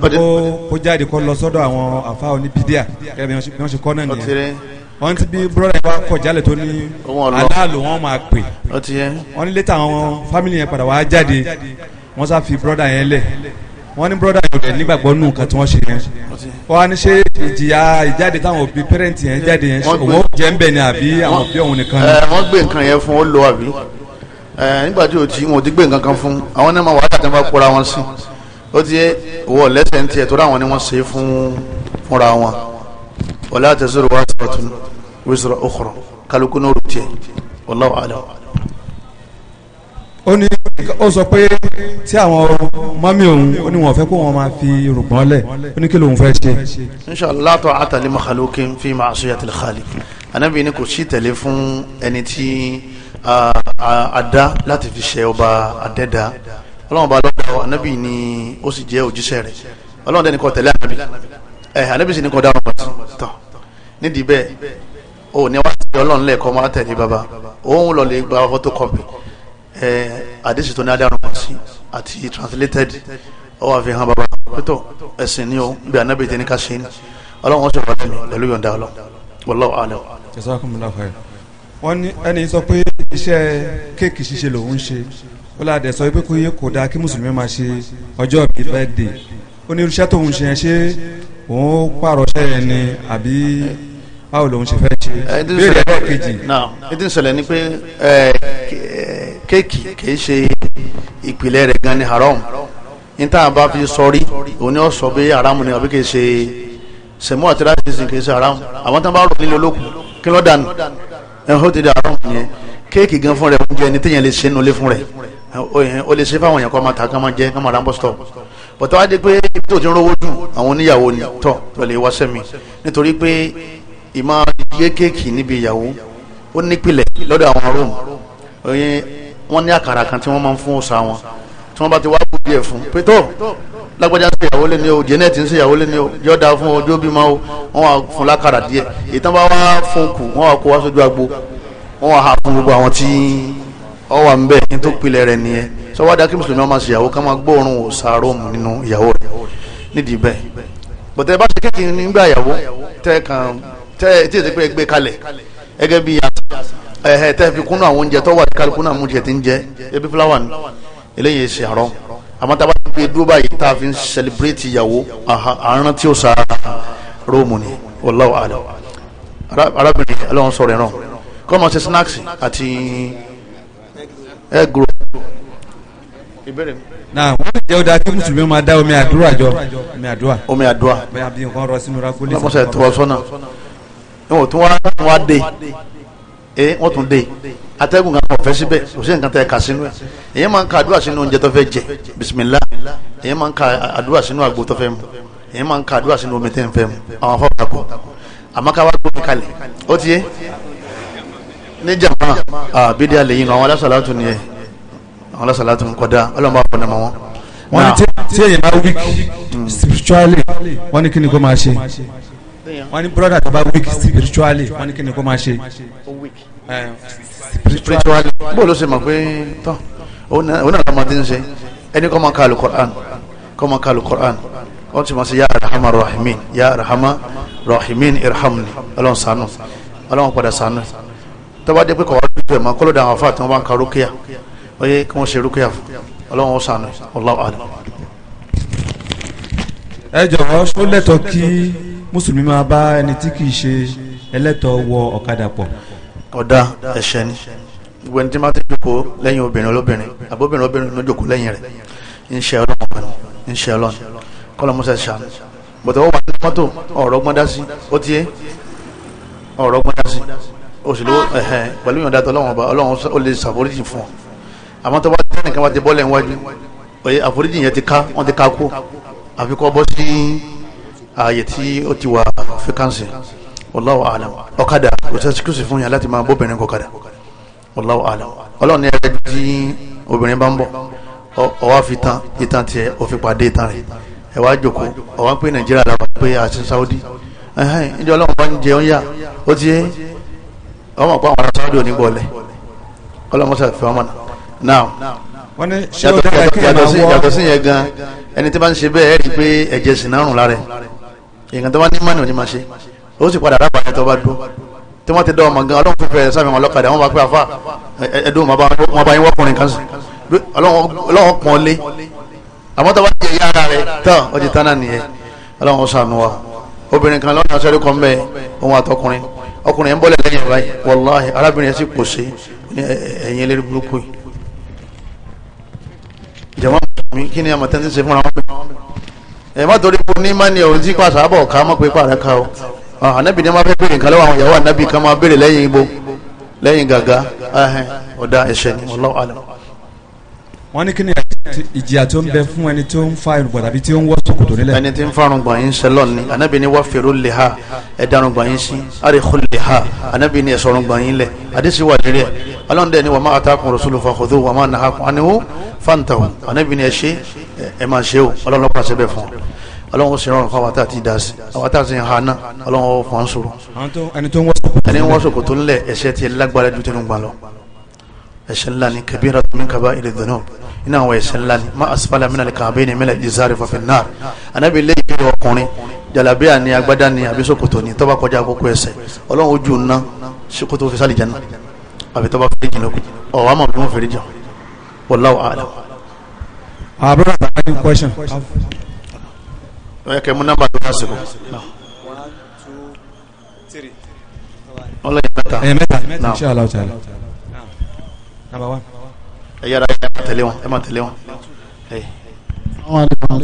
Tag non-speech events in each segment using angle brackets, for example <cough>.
kó jáde kó lọ sọ́dọ̀ àwọn àfa oníbídíà kẹ́ bí wọ́n ṣe kọ́ náà nìyẹn wọ́n ti bí brọ́dà yẹn wá kọ̀ jálẹ̀ tó ní aláàlú wọn máa pè wọ́n ní létà àwọn fámìlì yẹn padà wá jáde wọ́n sá fi brọ́dà yẹn lẹ̀ wọ́n ní brọ́dà yẹn lẹ̀ nígbàgbọ́ nù nǹkan tí wọ́n ṣe yẹn wọ́n á ní ṣe ìjìyà ìjáde táwọn òbí pẹ́rẹ́ǹtì yẹn jáde yẹn owó jẹ́ ń bẹ̀ ni àbí àwọn òbí ọ̀hún nìkan ni. Eh, gbé nǹkan yẹn fún ó lọ àbí eh, nígbà tí ò tí wọn ò ti gbé nǹkan kan fún àwọn náà máa wàhálà tí wọ́n bá kóra wọn sí ó ti wọ lẹ́sẹ̀ ní tiẹ̀ tó ráwọn ni wọ́n ṣe fún fúnra wọn wala taziru waziratun wizra ukhra kálukú náà rò tiẹ̀ wallahu a'lam. ó ní ó sọ pé tí àwọn mọ́mí òun ó ní wọ́n fẹ́ kó wọn máa fi rògbọ́n lẹ̀ ó ní kí lóun fẹ́ ṣe. inshallah ta'ata li makhluqin fi ma'siyatil khaliq anabi ni kò sí tẹ̀lé fún ẹni tí a dá láti fi ṣe ọba àdẹ́dá ọlọ́run bá ọ anabi ni ó sì jẹ́ òjíṣẹ́ rẹ̀ ọlọ́run dẹ́ni kọ́ tẹ̀lé anabi ẹ̀ anabi sì ni kọ́ dáhùn pàtó tọ̀ nídìí bẹ́ẹ̀ o ní wá sí ọlọ́run lẹ́ẹ̀kọ́ máa tẹ̀lé bàbá òun lọ lè gba photocopy ẹ̀ àdéṣe tó ní adarun pàtó àti translated ọ wà fi hàn bàbá pẹ̀tọ̀ ẹ̀sìn ni o bí anabi ti ní ká ṣe ni ọlọ́run ó sì wà lẹ́nu pẹ̀lú yọ̀ǹda ọlọ́run wallahu a'lam wọ́n ní ẹni sọ pé iṣẹ́ kéèkì ṣíṣe lòun ń ṣe ó la dẹ̀ sọ pé kò yẹ kò dáa kí mùsùlùmí máa ṣe ọjọ́ bíi birthday ó ní irúṣẹ́ tóun ṣe yẹn ṣé òun pààrọ̀ ṣẹ́ yẹn ni àbí báwo lòun ṣe fẹ́ ṣe béèrè ẹ̀rọ kejì. ètò ìṣẹ̀lẹ̀ ni pé eh, kéèkì kìí ṣe ìpìlẹ̀ rẹ̀ gan ni haram níta bá fi sọrí òun ni ó sọ pé haram ni àbí kìí ṣe sẹ̀mú àti ráṣíṣì kìí ṣe haram àwọn tó bá rò nílé olókùn kí ló dànù ẹ̀hún ti di haram nìyẹn kéèkì gan fún rẹ̀ oúnjẹ ni téèyàn lè ṣe nulẹ̀ fún rẹ̀ o lè ṣe fáwọn èèyàn kọ́ máa ta kán máa jẹ́ kán máa ra bọ́sítọ̀ bọ̀tọ́ wá dé pé ibi tó ti ń rówó dùn àwọn oníyàwó ni tọ̀ tó lè wá sẹ́mi nítorí pé ìmọ̀ yé kéèkì níbi ìyàwó ó nípìlẹ̀ lọ́dọ̀ àwọn róòmù wọ́n ní àkàrà kan tí wọ́n máa ń fún ọ̀sà wọn tí wọ́n bá ti wá kú díẹ̀ fún pé tó lágbájá ń ṣèyàwó lé ní o janet ń ṣèyàwó lé ní o yọ̀dà fún ojú òbí máa o wọ́n wà fún lákàrà díẹ̀ ìtàn bá wá fún kù wọ́n wà kó wá sójú agbo wọ́n wà á fún gbogbo àwọn tí ọ wà ń bẹ ní tó pilẹ̀ rẹ̀ nìyẹn sọwádà kí mùsùlùmí ọmọ sí ìyàwó ká máa gbóòórùn òsàrómù nínú ìyàwó rẹ̀ nídìí bẹ́ẹ̀ bọ̀tẹ́ bá ṣe kékeré nígbà ìyàwó tẹ́ kan tẹ́ tí èsì pé gbé kalẹ̀ gẹ́gẹ́ bí ẹ̀hẹ́ tẹ́ fi kúnnú àwọn oúnjẹ tó wà kálí kúnnú àwọn oúnjẹ tí ń jẹ ebi fúláwà ni eléyìí ṣe àrọ́ àmọ́ tá a bá ti gbé dúró báyìí tá a fi ń sẹlẹ̀bírẹ́tì ìyàwó àárín tí ó sa róòmù ni wallahu alam arábìnrin aláwọn sọ̀rọ̀ ẹ̀ràn kọ́ ọ ẹgùrò. ìbéèrè mi. na wọn ti jẹ ọdà kí mùsùlùmí máa dá omi àdúrà jọ omi àdúrà. omi àdúrà. bẹ́ẹ̀ bí nǹkan rọ sínú rákólé. wọ́n mọ̀sẹ̀ tó wọ sọ́nà wọn ò tún wá wá dé ee wọ́n tún dé atẹ́gùn kan kò fẹ́ síbẹ̀ kò sí nǹkan tẹ́ ka sínú ẹ̀ èyí máa ń ka àdúrà sínú oúnjẹ tó fẹ́ jẹ bisimilá èyí ka àdúrà sínú àgbo mu èyí máa ń ka àdúrà sínú omi tẹ́ ń fẹ́ mu àwọn afọ́kàkọ́ àmọ́ ká wá gbómi kalẹ̀ ó ti yé ní jàmá àbídí àlẹyìn àwọn alásàlátù ni ẹ àwọn alásàlátù ń kọdá ọlọ́run bá fọnà mọ́ wọn. wọ́n ní tí èyí bá weak mm, spiritually wọ́n ní kí ni kó máa ṣe wọ́n ní brother tó bá weak spiritually wọ́n ní kí ni kó máa ṣe. Eh, spiritually bó ló ṣe mọ̀ pé tán òun náà lọ́mọdé ń ṣe ẹni kọ́ máa ka alukur'an kọ́ máa ka alukur'an wọ́n ti máa ṣe ya arahama rahimin ya arahama rahimin irhamni ọlọ́run ṣàánú ọlọ́run padà ṣàánú tọ́ba dé pé kọ̀ wá lójú ẹ̀ mọ́ kọ́lọ́ dà àwọn afá tí wọ́n bá ń ka rúkìá oye kí wọ́n ṣe rúkìá fún ọlọ́run ó sànù Allahu a'lam. ẹ jọ̀wọ́ ṣó lẹ́tọ̀ọ́ kí mùsùlùmí máa bá ẹni tí kì í ṣe ẹlẹ́tọ̀ọ́ wọ ọ̀kadà pọ̀. ọ̀dà ẹ̀ṣẹ̀ ni gbogbo ẹni tí máa ti jókòó lẹ́yìn obìnrin olóbìnrin àbóbìnrin olóbìnrin ló jókòó lẹ́yìn rẹ̀ ńṣẹ́ ọlọ́run kan ńṣẹ́ ọlọ́run kọ́lọ́mùsẹ̀ ṣàánú bọ̀dọ̀ wọ́n wà ní mọ́tò ọ̀rọ̀ gbọ́n sí ó ti ọ̀rọ̀ gbọ́n sí o sì lówó ẹ̀hẹ́n pẹ̀lú ìyọ̀ǹda tó ọlọ́run ọba ọlọ́run ó lè ṣàforíjì fún ọ àmọ́ tó bá tẹ́ nìkan bá ti bọ́lẹ̀ níwájú oye àforíjì yẹn ti ká wọ́n ti ká kú àfi kọ́ bọ́ sí ààyè tí ó ti wà fíkànsì wallahu alam ọ̀kadà kò sẹ́sì kùsì fún yàn láti máa bóbìnrin kọ̀kadà wallahu alam ọlọ́run ní ẹgbẹ́ tí obìnrin bá ń bọ̀ ọwá fi tán ìtàn tiẹ̀ òfin pàdé ìtàn rẹ̀ ẹ wá jòkó ọwá pé nàìjíríà làwọn pé àti saudi ẹ̀hẹ́n ìjọ ọlọ́run bá ń jẹun yá ó ti ọmọ pa àwọn ará sáwọ́dì oníbọ̀lẹ̀ ọlọ́mọṣẹ́ fẹ́ ọmọ náà wọ́n ní ṣé ó dára kí ẹ máa wọ́ yàtọ̀ sí yẹn gan ẹni tí bá ń ṣe bẹ́ẹ̀ rí i pé ẹ̀jẹ̀ sì náà rùn lára ẹ̀ nǹkan tó bá ní mọ́ni òní máa ṣe ó sì padà rábà ẹ̀ tó bá dúró tí wọ́n ti dá ọmọ gan ọlọ́run fífẹ́ sáfì wọn lọ́kadà wọn bá pé àfa ẹ̀ẹ́dùn wọn bá yín wọ́kùnrin kan sí ọlọ́run pọ́n lé àmọ́ tó bá ti yẹ ara rẹ̀ tán ó ọkùnrin ń bọ́lẹ̀ lẹ́yìn báyìí wàláhì arábìnrin sì kò sí ní ẹ̀yìn eléré burúkú yìí jẹ̀mọ́ mi kí ni àmọ̀tẹ́ ti ṣe fúnra wọn bẹ̀rẹ̀ ẹ̀ má torí pé ní mání ọ̀run tí pàṣẹ àbọ̀ ká mọ̀ pé pàrẹ̀ ká o ah, ànábì ni wọ́n fẹ́ béèrè nǹkan lọ́wọ́ àwọn ìyàwó kan máa béèrè lẹ́yìn ibo lẹ́yìn gàgá ọ̀dà ẹ̀ṣẹ̀ ni alam. wọ́n ní kí ni ìjìyà tó ń bẹ fún ẹni tó ń fa irùngbọ̀n tàbí tí ó ń wọ́ ṣòkòtò nílẹ̀. ẹni tí ń fa irùngbọ̀n yín ṣe lọ́ọ̀ni anábì ni wá fèrò lè ha ẹ da irùngbọ̀n yín sí àríkò lè ha anábì ni ẹ̀sọ́ irùngbọ̀n yín lẹ̀ àdísì wà lérí ẹ̀ ọlọ́ọ̀dẹ ni wà má àtàkùn rọ̀ṣùlù fàkùdù wà má nà ákùn àníwó fàǹtàwù anábì ni ẹ ṣe ẹ máa ṣe o ọlọ́ọ̀lọ́pàá ṣẹ ẹ̀ṣẹ̀ ńlá ni kabira min kaba'iri dhunub iná àwọn ẹ̀ṣẹ̀ ńlá ni má asfala minal ka'bayni minal izari fa fin nar anábì lè yí ọkùnrin jalabiya ni agbada ni àbí ṣòkòtò ni tó bá kọjá àkókò ẹsẹ̀ ọlọ́run ojú ńná ṣòkòtò fi sálì jẹ́nà àbí tó bá fèrè jìn lókun ọ̀wá mọ̀ bí wọ́n fèrè jìn wallahu a'lam. àbúrò àbáyé ní question. ọ̀yẹ́kẹ́ mú nọ́mbà tó lásìkò. ọlọ́yin mẹ́ta. ẹ̀yẹ mẹ́ta insha Allah ta'ala ẹ yára ẹ máa tẹ̀lé wọn ẹ máa tẹ̀lé wọn.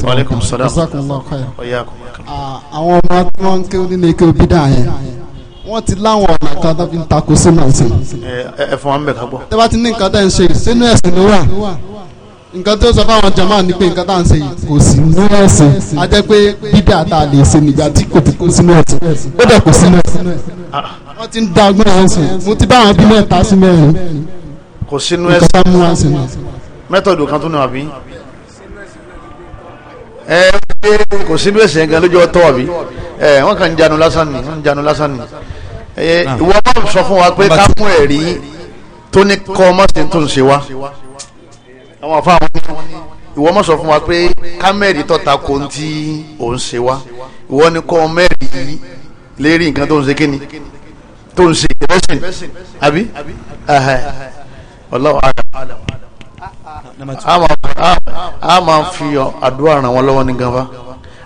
Wàlékùn sọ́dá. Ah, àwọn ọmọ tí wọ́n ń kéwọ́n nínú ike bídà yẹn, wọ́n ti láwọn ọ̀nà kan tó fi ń takò sínú ẹ̀sìn. Ẹ fún wa ń bẹ̀ ká gbọ́. Tẹ́ bá ti ní nǹkan tá ń ṣe sínú ẹ̀sìn ló wà. Nǹkan tó sọ fáwọn jàmáà ni pé nǹkan tá ń ṣe kò sí nínú ẹ̀sìn. A jẹ́ pé bídà tá lè ṣe nígbà tí kò ti kó sínú ẹ̀sìn. Ó dẹ̀ kò sínú ẹ̀sìn. Ah. Wọ́n ti ń da ẹ̀sìn. Mo ti bá àwọn bí mẹ́ta sí mẹ́rin kò sínú ẹsẹ̀ mẹ́tọ̀dù kan tó nù àbí ẹ pé kò sínú ẹsẹ̀ gan lójú ọtọ́ àbí ẹ wọ́n kàn ń janu lásán ni wọ́n ń janu lásán ni ẹ ah. ìwọ náà sọ fún wa pé ká mú ẹ̀rí tó ní kọ́ mọ́sí tó ń ṣe wá àwọn afọ àwọn ìwọ mọ̀ sọ fún wa pé ká mẹ́rì tọ́ta kò ń tí ò ń ṣe wá ìwọ ni kọ́ mẹ́rì lérí nǹkan tó ń ṣe kíni tó ń ṣe ìrẹsìn àbí Allahu a'lam a máa fi àdúrà ràn wọ́n lọ́wọ́ ní ganfa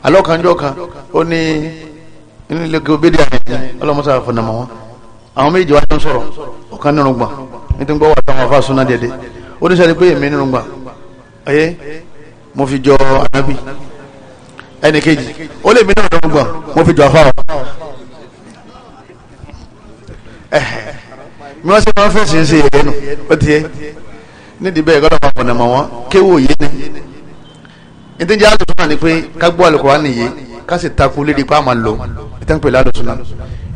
alọ́kanjọ́ kan ó ní nílẹ̀kẹ́ obìnrin àyẹ̀yẹ ọlọ́mọsá àfọ̀nàmọ́ wọn àwọn méjì wá ń sọ̀rọ̀ ọ̀kan nínú gbà nítorí gbọ́ wà táwọn afá súná dédé ó ní sẹ́ni pé èmi nínú gbà ẹ̀yẹ mo fi jọ ànábì ẹnì kejì ó lè mí nínú gbà mo fi jọ afá wa mi wọ́n ṣe máa ń fẹ̀sìn ṣe yẹ̀yẹ́ nù ó ti yẹ nídìí bẹ́ẹ̀ gbọ́dọ̀ máa pọ̀nà mọ̀ wọ́n kéwò yé ni ìdíje alùsùnà ni pé ká gbọ́ nìyí ká takú lédi pé a máa lò ìtàn pẹ̀lú alùsùnà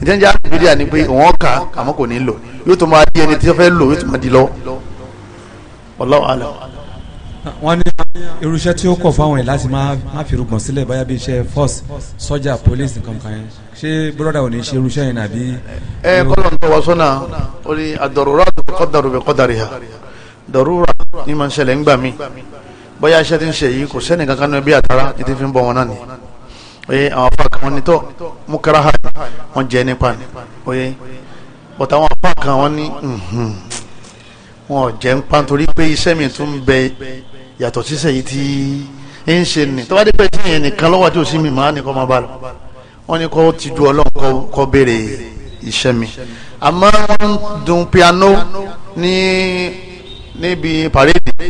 ìdíje alùbídíà ni pé òun ọ̀ka àmọ́ kò ní lò yóò tó máa di ẹni tí wọ́n fẹ́ lò yóò tó máa di lọ wallahu alam. wọ́n ní irú iṣẹ́ tí ó kọ̀ fáwọn yìí láti má fi rúgbọ̀n sílẹ̀ báyà bí iṣẹ́ force sọ́jà police nǹkan kan yẹn ṣé broda ò ní ṣe irú iṣẹ́ yẹn nàbí. ẹ kọ́lọ̀ ń tọ́ wa sọ́nà ó ní àdọ̀rọ̀rọ̀ àdọ̀kọ́dàrú bẹ̀ kọ́dàrí ha dọ̀rúra ní ma ń ṣẹlẹ̀ ńgbà mí bóyá iṣẹ́ ti ń ṣe yìí kò sẹ́ni kankan ní ẹbí àtàrà ti ti fi ń bọ̀ wọn náà ni oye àwọn afa kan wọn ni tọ́ mukara ha oye bọ̀tà àwọn afa kan wọn ni wọn jẹ mi tún yàtọ̀ sísẹ̀ yìí tí ń ṣe ni tọ́wádé pẹ́ tí yẹn nìkan lọ́wọ́ tí ò sí mi máa ní kọ́ máa bá lọ wọ́n ní kọ́ ti du ọlọ́run kọ́ béèrè iṣẹ́ mi àmọ́ wọ́n dun piano ní níbi parade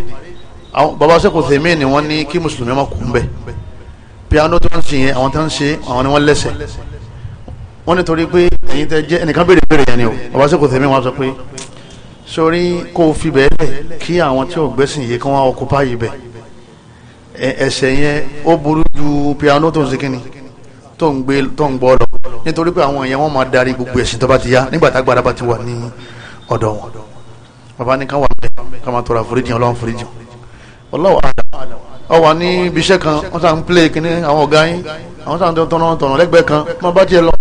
àwọn baba sẹ́kù tèmi ni wọ́n ní kí mùsùlùmí ọmọ kù ń bẹ̀ piano tó ń ṣe yẹn àwọn tó ń ṣe àwọn ni wọ́n lẹ́sẹ̀ wọ́n nítorí pé ẹ̀yin tẹ́ jẹ́ ẹnìkan béèrè béèrè yẹn ni o baba sẹ́kù tèmi wọ́n sọ pé sórí kó fi bẹ́ẹ̀lẹ̀ kí àwọn tí ò gbẹ́sìn yìí kí wọ́n ọkùpá yìí bẹ̀ ẹ̀ṣẹ̀ yẹn ó burú ju piano tó ń ṣe kíni tó ń gbé tó ń gbọ́ lọ nítorí pé àwọn èèyàn wọn máa darí gbogbo ẹ̀sìn tó bá ti yá nígbà tágbára bá ti wà ní ọ̀dọ̀ wọn bàbá ní ká wà bẹ́ẹ̀ ká máa tọrọ àforíjì ọlọ́run foríjì ọlọ́wọ́ àdá ọ wà ní ibiṣẹ́ kan wọ́n sàn ń plé kíní àwọn ọ̀gá yín àwọn sàn ń tọ̀nà tọ̀nà lẹ́gbẹ̀ẹ́ kan má bá tiẹ̀ lọ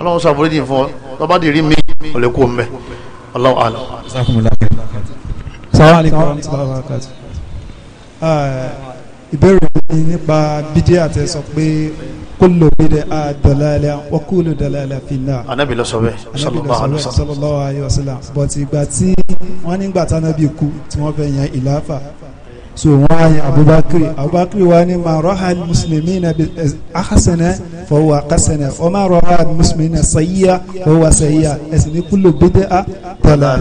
ọlọ́run ṣàforíjì fún ọ tọ́ bá dì rí mi ò lè kú ọ mẹ́ Allahu a'lam. sàwọn àlekún ọ̀rọ̀ nítorí àwọn àkàtà ìbéèrè mi nípa bídé àti sọ pé kúlò bídé àdàlálà wọ́kúlò dàlálà fìlà. anabi lọ sọ bẹ́ẹ̀ sallallahu alaihi wasallam bọ̀tì ìgbà tí wọ́n nígbà tánábì kú tí wọ́n fẹ́ yan ìlàáfà so wọ́n abubakar abubakar wa ni ma rohal ahasana fọwọ́ akasana o ma rohal muslimina sayiya fọwọ́ sayiya ẹ̀sìn ní a tọ́lá.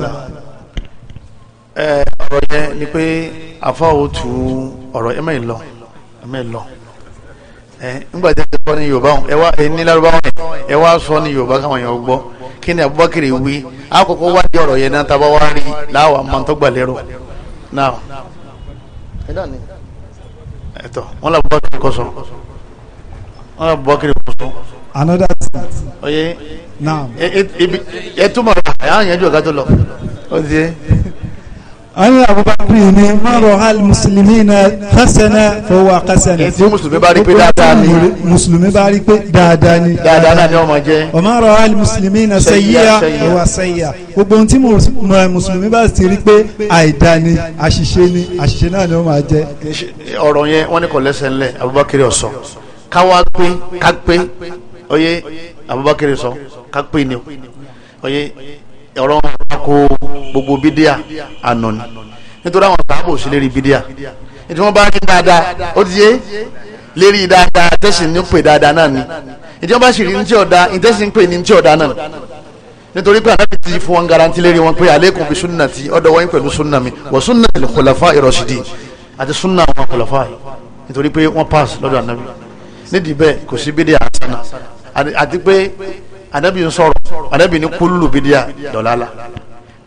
ẹ ọ̀rọ̀ yẹn ni pé àfọwọ́ tu ọ̀rọ̀ ẹ mẹ́rin e ẹ mẹ́rin lọ ẹ abubakar di iná ni. ẹ̀tọ́ wọ́n lọ bọ́ kiri kọ́sọ́ wọ́n lọ bọ́ kiri kọ́sọ́. another thing. oye naam. ẹ ẹ túmọ̀ ẹ̀ á yẹn jù ọ̀gá tó lọ. ó ti àwọn abubakar ni mọ̀rọ̀ hal mùsùlùmí na hasana fọwọ́ hasana. ètí mùsùlùmí bá rí pé dáadáa ni. mùsùlùmí bá rí pé dáadáa ni. dáadáa náà ni ọmọ jẹ. ọmọọrọ hal mùsùlùmí na sẹyíya fọwọ́ sẹyíya. gbogbo ohun tí mùsùlùmí bá ti rí pé àìda ni àṣìṣe ni àṣìṣe náà ni ó máa jẹ. ọ̀rọ̀ yẹn wọ́n ní kò lẹ́sẹ̀ ńlẹ̀ abubakar ọ̀sọ́ káwá pé ká pé oyè abubakar sọ ká pé ni oyè ọ̀rọ̀ tako gbogbo bídíà ànọ́ni nítorí àwọn sàábò sí lérí bídíà ètò wọn bá rí dáadáa ó ti yé lérí dáadáa tẹ́sí ní pè dáadáa náà ni ètò wọn bá sì rí ní tí ọ̀dà ìtẹ́sí ń pè ní tí ọ̀dà náà nítorí pé ànábì ti fún wọn garanti lérí wọn pé alaykum bi sunnati ọ̀dọ̀ wọn pẹ̀lú sunna mi wa sunnatil khulafa'ir rashidin àti sunna àwọn khulafa nítorí pé wọ́n pass lọ́dọ̀ ànábì nídìí bẹ́ẹ̀ kò sí bídíà àti pé ànábì ń sọ̀rọ̀ ànábì ní kullu bídíà dọ̀lálà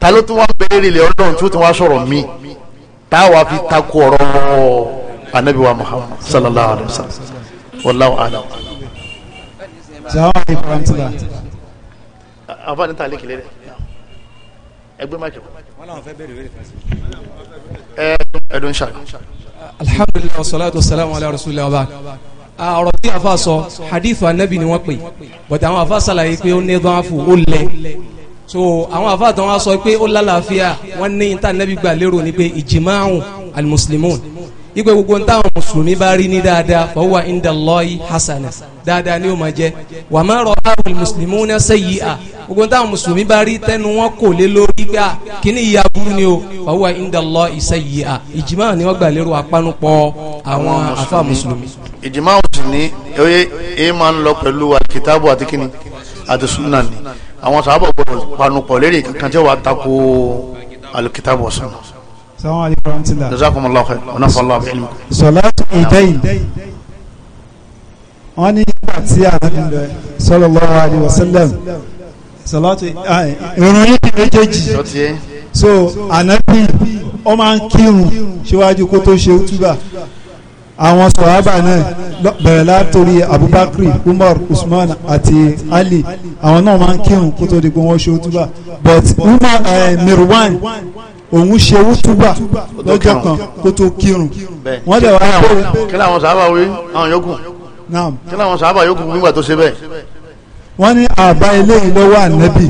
ta ló tún wá bẹ̀rẹ̀ ilẹ̀ ọlọ́run tí ó ti wá sọ̀rọ̀ mi tá a wá fi takò ọ̀rọ̀ anabi wa muhammad sallallahu alayhi wa sallam wallahu alam. sàwọn àyè kọ́ńtì la. àfa ní tàlẹ́ kìlẹ̀ dẹ̀ ẹgbẹ́ má jẹun. wọn làwọn fẹ́ bẹ̀rẹ̀ wẹ́rẹ́ fẹ́sẹ̀. ẹ ẹdun ṣáà. alhamdulilayi wa salatu wa salamu alayhi wa rasulillah wa barak ọ̀rọ̀ tí a fa sọ hadith anabi ni wọ́n pè bọ̀dá àwọn afa sàlàyé pé ó ní ẹ̀dọ́ àfọ̀ ó lẹ̀ so àwọn àfàtàn wa sọ pé ó lálàáfíà wọn ní níta nẹ́bí gbà lérò ni pé ìjìmáhùn alimuslimun ipe gbogbo ń táwọn mùsùlùmí bá rí ní dáadáa fọwọ́ indalọ́yì hasana dáadáa ni ó máa jẹ wà má rọ àwọn alimuslimun náà sẹ́yìí à gbogbo ń táwọn mùsùlùmí bá rí tẹnu wọn kò lé lórí pé à kíní ìyá burú ni o fọwọ́ indalọ́yì sẹ́yìí à ìjìmáhùn ni wọ́n gbà lérò apánupọ̀ àwọn àfà mùsùlùmí. ìjìmáhùn sì ní ẹ e máa ń lọ pẹ̀lú àkìtábù àti kíni àti sunnah ni àwọn sábà gbọdọ̀ panupọ̀ lérí kankan tí wàá tako alikitabu ọ̀sán. sàwọn àlejò àwọn ti là. jazakumullahu khairan wa nafa'allahu bi ilmikum. salatu ìdẹ́yìn wọ́n ní nígbà tí ànábì sallallahu alaihi wasallam salatu ìrun yìí méjèèjì so ànábì ó máa ń kírun síwájú kó tó ṣe útúbà àwọn sọ̀hábà náà bẹ̀rẹ̀ látòrí abubakar umar usman àti ali àwọn náà máa ń kírun kó tó di pé wọ́n ṣe òtúbà but umar eh, mirwan òun ṣe òtúbà lọ́jọ́ kan kó tó kírun wọ́n dẹ̀ wá. kí làwọn sọ̀hábà wí àwọn yòókù kí làwọn sọ̀hábà yòókù nígbà tó ṣe bẹ́ẹ̀ wọ́n ní àbá ah, eléyìí lọ́wọ́ ànábì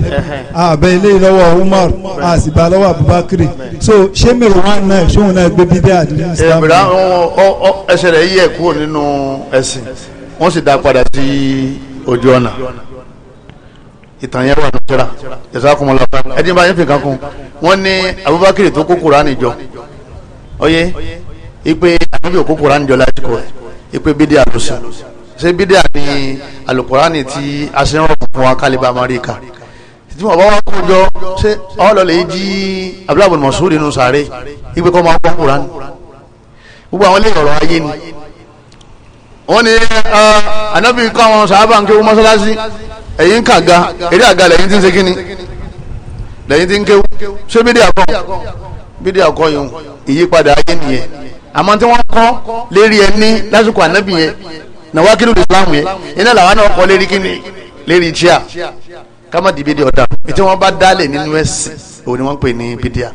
àbá ah, eléyìí lọ́wọ́ umar àsìbá ah, lọ́wọ́ abubakar so ṣé mẹrùnwá náà ṣóun náà gbé bíbí àdúrà islam. ìbílẹ̀ àwọn ẹsẹ̀ rẹ̀ yẹ kúrò nínú ẹ̀sìn wọ́n sì dá padà sí ojú ọ̀nà ìtàn yẹn wà ní sẹ́ra ìsákùnmọ́lá ẹ̀dín bá yẹn fi kankan wọ́n ní abubakar tó kó kúránì jọ ọyẹ ipe ànábì òkú kúránì jọ lásìkò ẹ̀ ipe bídí àlùsùn ṣé bídíà ni alukurani tí a ṣe ń rọ̀ fún wa kálíbà amẹ́ríkà tí wọn bá wá kó jọ ṣé ọlọ lè jí abdulhamid masoud nínú sàárè igbe kọ́ máa gbọ́ kuran gbogbo àwọn eléyìí ọ̀rọ̀ ayé ni wọ́n ní anabi ah, kọ́ àwọn sàábà ń kéwu mọ́sálásí ẹ̀yìn ń kàga eré àga lẹ́yìn tí ń ṣe kíni lẹ́yìn tí ń kéwu ṣé bídí àkọ́ bídí àkọ́ yòó ìyípadà ayé nìyẹn àmọ́ tí wọ́n kọ́ lérí ẹni lásìkò anabi yẹn nàwákìlù islam yẹn iná làwọn náà kọ́ lérí kíni lérí chia kámá di bídíà ọ̀dà ètò wọn bá dálẹ̀ nínú ẹ̀sìn òun ni wọ́n ń pè ní bídíà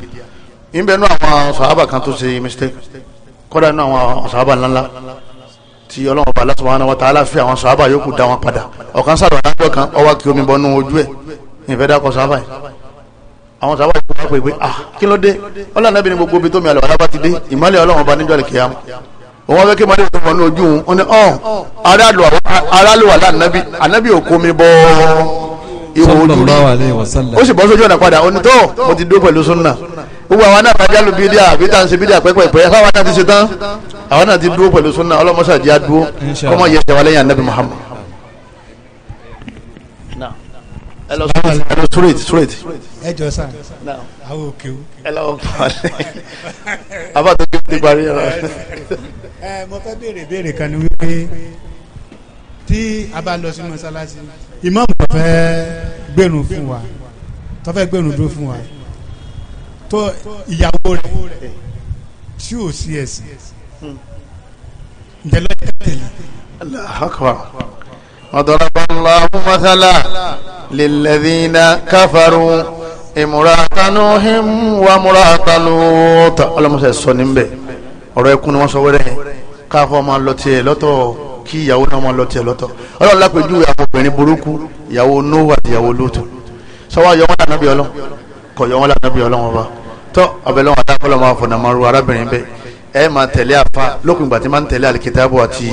ìbẹ̀nu àwọn sàhábà kan tó ṣe mistake kọ́dà nínú àwọn sàhábà ńláńlá tí ọlọ́run ọba subhanahu wa ta'ala fi àwọn sàhábà yòókù dá wọn padà ọ̀kan sàrò adájọ́ kan ọwọ́ kí omi bọ́nú ojú ẹ̀ ìfẹ́ dákọ̀ sàhábà yìí àwọn sàhábà yòókù wọ́n pè pé ah kí ló dé ọlọ́run náà bí gbogbo ibi tó mi àlọ́ òun fẹ́ kí mọ́tò tó wọnú ojú òun ó ní ọ̀n aráàlú àlá ànábì ànábì ò kómi bọ́ ìwò ojú rí ó sì bọ́ sójú ọ̀nà padà ó ní tó mo ti dó pẹ̀lú súnà gbogbo àwọn náà kájá lu bídíà àbí tá à ń ṣe bídíà pẹ́pẹ́pẹ́ fáwọn náà ti ṣe tán àwọn náà ti dúró pẹ̀lú súnà ọlọ́mọṣáàjì á dúró kọ́mọ yẹ ṣẹ̀wá ànábì Muhammad ẹ lọ straight ẹ lọ straight straight. ẹ jọ sá àwọn òkè òkè. ẹ lọ pàlẹ abáàtò kí n ti parí ẹ. mo fẹ́ béèrè béèrè kan ni wípé tí a bá lọ sí mọ́sálásí ìmáàmù tó fẹ́ gbẹ̀rù fún wa tó fẹ́ gbẹ̀rù dúró fún wa tó ìyàwó rẹ̀ tí ò sí ẹ̀sìn hmm. ǹjẹ́ lọ́yẹ̀ tẹ̀lé. Allahu وضرب الله مثلا للذين كفروا امرأة نوح وامرأة لوط اللهم صل وسلم níbẹ̀ ọ̀rọ̀ ẹkún ni wọ́n sọ wẹ́rẹ́ káfọ́ máa lọ tiẹ̀ lọ́tọ̀ kí ìyàwó náà máa lọ tiẹ̀ lọ́tọ̀ ọlọ́run lápẹjú ìyàwó obìnrin burúkú ìyàwó nóhùn àti ìyàwó lóòtù sọwọ́ yọ lànà bí ọlọ́run kọ̀ lànà bí ọlọ́run ọba tọ́ ọbẹ̀ lọ́wọ́ àtàkọ́lọ́ máa fọ̀nà máa arábìnrin bẹ́ẹ̀ ẹ máa tẹ̀lé àfa lókun ìgbà tí máa ń tẹ̀lé alikitaabu àti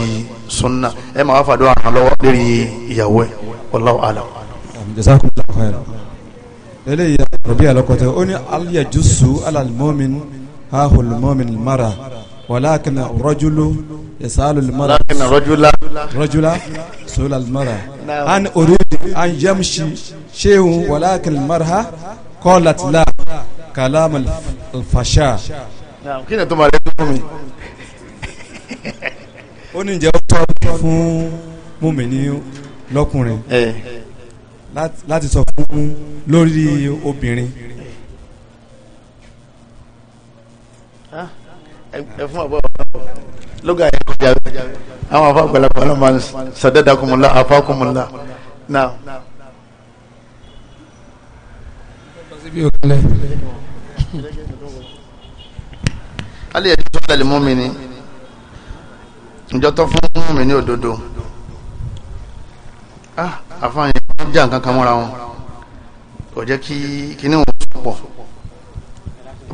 sunna ẹ máa wá fàdó àràn lọ́wọ́ lérí ìyàwó ẹ wallahu alam. jazakumullahu khairan eléyìí rọ̀bí àlọ́kọ̀tẹ́ ó ní aliyajusu alalimọ́min ahulmọ́min mara wàlákin rọ́júlù yasalul mara wàlákin rọ́júlá rọ́júlá sólal mara an orúdi an yamshi shehun wàlákin mara kọ́latila kalamu alfasha kí ni tó máa rẹ tó fún mi. ó ní ìjẹ́ ó tọ́ fún mùmíní lọ́kùnrin láti sọ fún lórí obìnrin. ẹ fún àbọ̀ lóga yẹn kọjá àwọn afa àgbàlagbà ló máa ń sàdédàkùnmùlá àfàkùnmùlá náà. bí o kẹlẹ. <coughs> alẹ́ yẹn tó lẹ́lẹ̀ mú mi ni ìjọ tó fún mú mi ní òdodo ah àfáàní wọn já nǹkan kan mọ́ra wọn kò jẹ́ kí kíní wọn tó pọ̀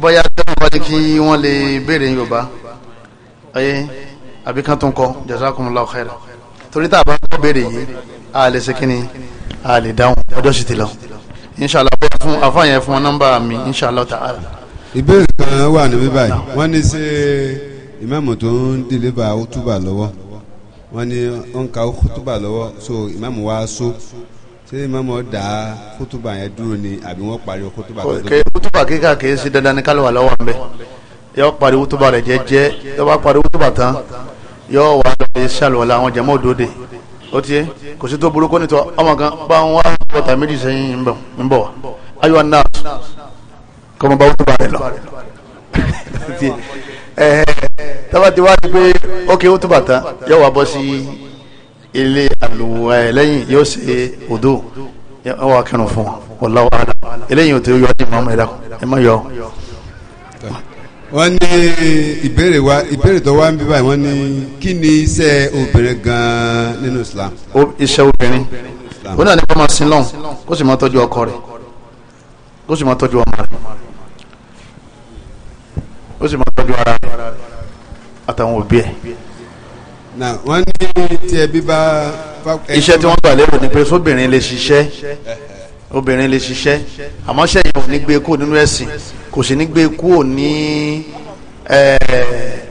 bóyá dáhùn bá ní kí wọ́n lè béèrè yorùbá ayé àbí kan tó ń kọ jazakumullahu khaira torí tá a bá kọ́ béèrè yìí a lè ṣe kíni a lè dáhùn ọjọ́ sì ti lọ inṣàlá bóyá fún àfáàní yẹn fún nọ́mbà mi inṣàlá ta'ala ìbéèrè kan wà níbí báyìí wọ́n ní ṣe ìmáàmù tó ń dìlébà ọtúbà lọ́wọ́ wọ́n ní ó ń ka ọtúbà lọ́wọ́ so ìmáàmù wa so ṣé ìmáàmù ọ̀dà ọtúbà yẹn dúró ni àbí wọ́n parí ọtúbà tó dúró. ọtúbà kíkà kìí ṣe dandan ní kálíwà lọ́wọ́ ń bẹ̀ yọ parí ọtúbà rẹ̀ jẹ́jẹ́ yọ bá parí ọtúbà tán yọ wà lọ́ọ́ ṣàlùwọ̀lá àwọn jẹ̀mọ́ òdòdè ó tiẹ̀ kò sí tó burúkú nítọ́ ọmọ kan bá wọn wá bọ́tà méjì sẹ́yìn ń bọ̀ ayọ̀ náà kọ́mọ bá wọ́n bá rẹ̀ lọ. <laughs> Eh, tábà ti wá di pé ókè ó túbà tán yóò wá bọ́ sí ilé àlùwà ẹ̀ eh, lẹ́yìn yóò ṣe odò yóò wá kírun fún wọn wallahu a'lam eléyìí o tó yọ ọdún mọ́mọ́ ẹ̀dá ẹ̀ má yọ. wọ́n ní ìbéèrè wa ìbéèrè tó wá ń bí báyìí wọ́n ní kí ni iṣẹ́ obìnrin gan-an nínú Islam. iṣẹ́ obìnrin ó náà ní kó máa sin lọ́hùn kó sì máa tọ́jú ọkọ rẹ̀ kó sì máa tọ́jú ọmọ rẹ̀ ó sì máa tọ́jú ara rẹ̀ àtàwọn òbí ẹ̀. wọ́n ní tí ẹbí bá. iṣẹ́ tí wọ́n gbà lérò ni pé eh, eh. sóbìnrin lè ṣiṣẹ́ obìnrin lè ṣiṣẹ́ àmọ́ sẹ́yìn ò ní gbé kúrò nínú ẹ̀sìn kò sì ní gbé kúrò ní eh,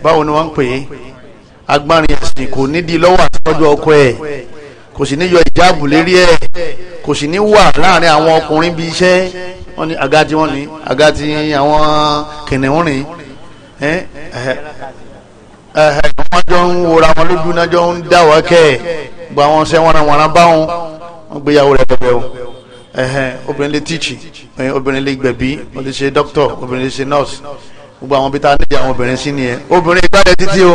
báwo ni wọ́n ń pè é agbárin ẹ̀sìn kò nídìí lọ́wọ́ àtọ́jú ọkọ ẹ̀ kò sì ní yọ ìjáàbù lérí ẹ̀ kò sì ní wà láàrin àwọn ọkùnrin bíi iṣẹ́ wọn tí wọ́n ní àga tí àwọn kìnìún rìn wọ́n jọ ń wòra wọn lójú náà jọ ń dá wá kẹ́ ẹ̀ gba wọn sẹ́ wọn àwọn arábáwọn wọn gbéyàwó rẹ̀ bẹ̀rẹ̀ o obìnrin lè tíìchì obìnrin lè gbẹ̀bí wọ́n lè ṣe dókítọ̀ obìnrin lè ṣe nọ́ọ̀sì gbogbo àwọn bí ta níjà àwọn obìnrin sí nìyẹn obìnrin ìgbàdẹ títí o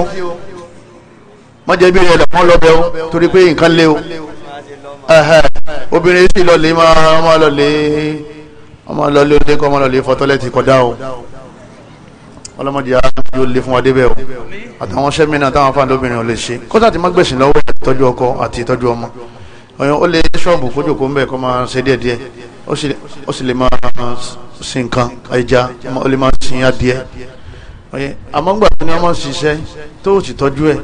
wọ́n jẹ́ bí rẹ̀ lọ́kàn lọ́bẹ̀ o torí pé nǹkan lé o obìnrin sì lọ lè máa lọ lè ọmọ lọ lè kọ́ ọmọ lọ lè fọ tọ́lẹ́tì kọjá o ọlọ́mọdé yóò lé fún wa débẹ̀ o àtàwọn sẹ́mínà táwọn afáàn lóbìnrin ò lè ṣe kọ́sà ti má gbèsè lọ́wọ́ ìtọ́jú ọkọ àti ìtọ́jú ọmọ ọyàn ó lè ṣọ́ọ̀bù kójòkó ńbẹ̀ kọ́ máa ṣe díẹ̀ díẹ̀ ó sì lè máa sin nǹkan ẹja ó lè máa sin adìẹ àmọ́ ńgbà tó ní ọmọ ṣiṣẹ́ tó sì tọ́jú ẹ̀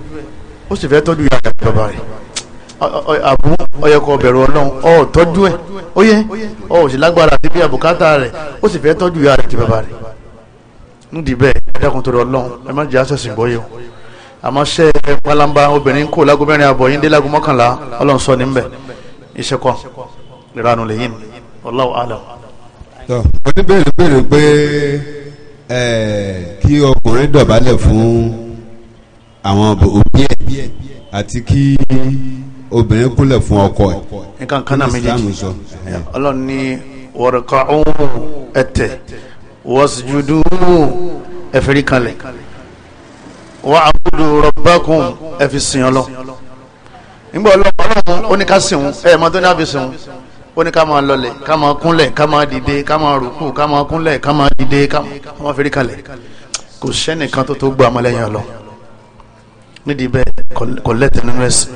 ó sì fẹ́ tọ́jú yàrá bàbá rẹ̀ àbú ọyẹkọ bẹ̀rù ọlọ́run ọ tọ́jú ẹ̀ ó yẹ ọ sì lágbára àti bí àbùkátà rẹ̀ ó sì fẹ́ tọ́jú yàrá àti bàbá rẹ̀ nídìí bẹ́ẹ̀ ẹ̀dẹ́kun tó lọ lọ́n ẹ má jẹ́ àṣẹ̀sìn bọ́yé o àmọ́ ṣe é palamba obìnrin kò lágùn mẹ́rin àbọ̀ yín dé lágùn mọ́kànlá ọlọ́run sọ ní mbẹ̀ iṣẹ́ kọ́ ìranu lẹ́yìn Allahu alam. tọ́ oníbèrè bèrè pé kí ọkùnrin dọ̀bálẹ̀ fún àwọn òbí ẹ̀ àti kí obìnrin kúnlẹ̀ fún ọkọ ẹ̀. nǹkan kan náà méjèèjì ọlọ́run ní warqa'u ẹ̀tẹ̀ wasjudu ẹ̀fẹ̀rí kanlẹ̀ wà á kúndù rọ̀bákùn ẹ̀fì sìn ọlọ́ nígbà ọlọ́run ó ní ká sìn wọn ẹ̀ mọ́tò ní àfi sìn wọn ó ní ká máa lọlẹ̀ ká máa kúnlẹ̀ ká máa dìde ká máa rùkù ká máa kúnlẹ̀ ká máa dìde ká máa fẹ̀rí kanlẹ̀ kò sẹ́nìkan tó tó gbọ́ àmọ́lẹ́yìn ọlọ́ nídìí bẹ́ẹ̀ kò lẹ́tẹ̀ nínú ẹ̀sìn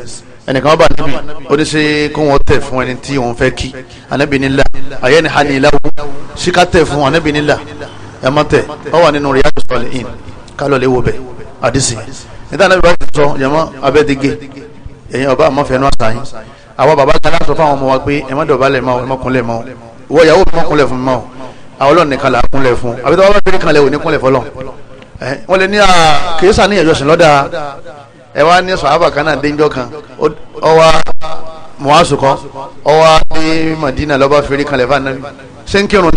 ẹnìkan bá níbi ó ní ṣe kó wọn tẹ fún ẹni tí òun fẹ́ kí anabi nílà ayé ni hani ìlàwó ṣíkà tẹ fún anabi nílà ẹ má tẹ̀ ọ wà nínú riyadu salihin kálọ̀ lè wo bẹ̀ àdìsí níta náà bí wọ́n ti sọ yẹmọ́ abẹ́dẹ́gẹ́ ẹ̀yin ọba àmọ́fẹ́nu àṣàyìn àwọn bàbá kan láti sọ fáwọn ọmọ wa pé ẹ má dọ̀bálẹ̀ mọ́ ẹ má kúnlẹ̀ mọ́ ìwọ ìyàwó mi má kúnlẹ̀ fún mi mọ́ àwọn ọlọ́run nìkan là á kúnlẹ̀ fún àbí tọ́wọ́ bá fi kànlẹ̀ òní kúnlẹ̀ fọlọ́ wọ́n lè ní kìrìsà ní ìjọsìn lọ́dà ẹ wá ní sàhábà kan náà déńjọ́ kan ọwá mọ̀ásù kan ọwá ní Madina lọ́ba fi kànlẹ̀ fún anabi ṣé ń kírun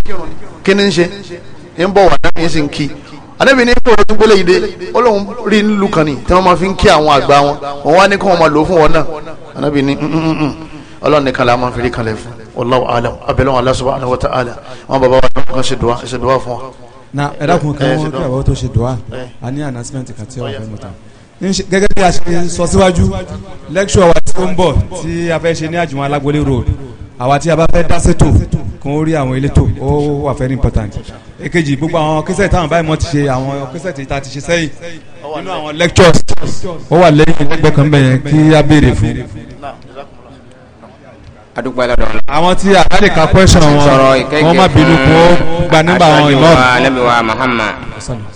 kí ni ń ṣe ń bọ̀ wà náà ń sì ń kí anabi ní kò tún gbélé yìí dé ó lóun rí nílùú kan ní tí wọ́n máa fi ń kí àwọn àgbà wọn òun wá ní kí wọ́n máa lò fún wọn náà anabi ní mm, mm, mm, ọlọ́run nìkan la máa ń fèrè kalẹ̀ fún wallahu alam abẹ́lẹ́wọ̀n Allah subhanahu wa ta'ala wọn bàbá wa kan ṣe dùwà ṣe dùwà fún wa. na ẹ dákun kan wọn kí àwọn tó ṣe dùwà a ní announcement kan tí wọn fẹ́ mú ta gẹ́gẹ́ bí a ṣe sọ síwájú lecture wa tí ń bọ̀ tí a fẹ́ ṣe ní àjùmọ̀ alágbólé road àwa tí a bá fẹ́ dá sétò kó ń rí àwọn elétò ó wà very important èkejì gbogbo àwọn kíṣẹ́ táwọn báyìí mọ́ ti ṣe àwọn kíṣẹ́ tí ta ti ṣe sẹ́yìn nínú àwọn lectures ó wà lẹ́yìn lẹ́gbẹ̀ẹ́ kan bẹ̀yẹn kí á béèrè fún. adúgbò ẹlẹ́dọ̀ ọ̀la. àwọn tí àbálẹ̀ ka question wọn wọn má bínú kó gba nígbà àwọn ìmọ̀. àṣàjù wa Muhammad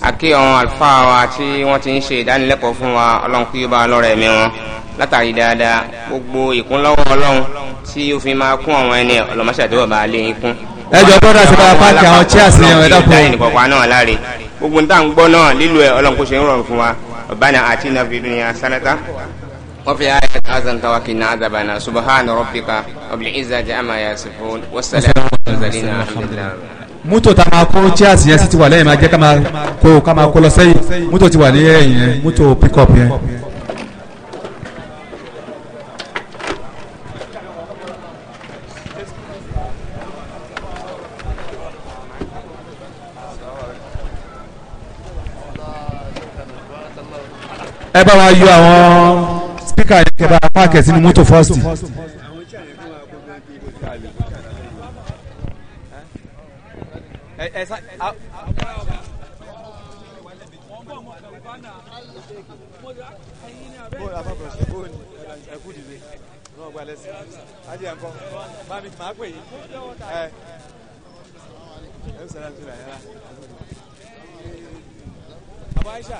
akí àwọn àlùfáà wa tí wọ́n ti ń ṣe ìdánilẹ́kọ̀ọ́ fún wa ọlọ́run kí ó bá lọ́rọ̀ ẹ̀mí wọn látàrí dáadáa gbogbo ìkúnlọ́wọ́ ọlọ́run tí ó fi máa kún àwọn ẹni ọlọ́mọṣàdéwọ̀ bá lé yín kún. ẹ sí bàbá pààkì àwọn chairs yẹn ẹ̀dá fún un. ìkọ̀kọ̀ náà láre gbogbo ń ń gbọ́ náà lílo ẹ̀ ọlọ́run kò ṣe ń rọrùn fún wa ọ̀bánà àti nàfìdúnyà sálátà وفي آية أذن توكلنا عذابنا سبحان ربك رب العزة عما يصفون والسلام على المرسلين الحمد لله mútò tá a máa kó chairs yẹn sì ti wà lẹ́yìn máa jẹ́ ká máa kó ká máa kó lọ sẹ́yìn mútò ti wà lẹ́yìn yẹn mútò pick up yẹn. ẹ bá wọn yọ àwọn spíkà yẹn kẹ bá páàkì sínú mọ́tò fọ́ọ̀sì. Abaisha.